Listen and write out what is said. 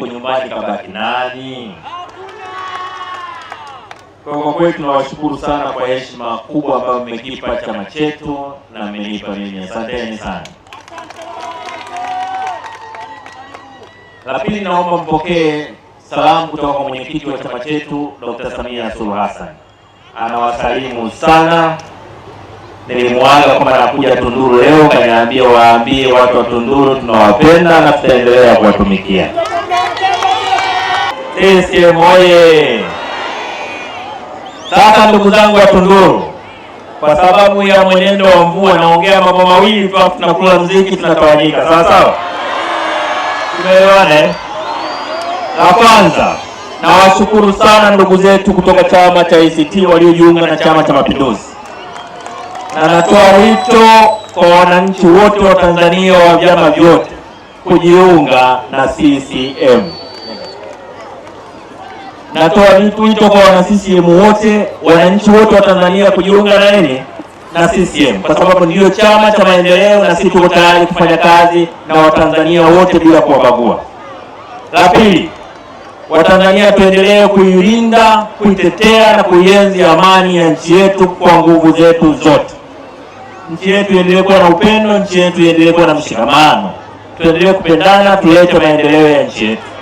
huko nyumbani kabaki nani? Kwa kweli tunawashukuru sana kwa heshima kubwa ambayo mmekipa chama chetu na mmenipa mimi, asanteni sana. La pili, naomba mpokee salamu kutoka kwa mwenyekiti wa chama chetu Dr. Samia Suluhu Hassan, anawasalimu sana. Nilimwaga kwamba nakuja Tunduru leo, kaniambia waambie watu wa Tunduru tunawapenda na tutaendelea kuwatumikia. CCM oye! Sasa ndugu zangu wa Tunduru, kwa sababu ya mwenendo wa mvua, naongea mambo mawili tu, tunakula mziki, tunatawanyika. Sawa sawa, tumeelewane? Eh? La kwanza, nawashukuru sana ndugu zetu kutoka chama cha ACT waliojiunga na Chama cha Mapinduzi, na natoa wito kwa wananchi wote wa Tanzania wa vyama vyote kujiunga na CCM. Natoa wito kwa wana CCM wote, wananchi wote wa Tanzania kujiunga na nini na CCM, kwa sababu ndiyo chama cha maendeleo, na sisi tuko tayari kufanya kazi na Watanzania wote bila kuwabagua. La pili, Watanzania tuendelee kuilinda, kuitetea na kuienzi amani ya nchi yetu kwa nguvu zetu zote. Nchi yetu iendelee kuwa na upendo, nchi yetu iendelee kuwa na mshikamano, tuendelee kupendana, tulete maendeleo ya nchi yetu.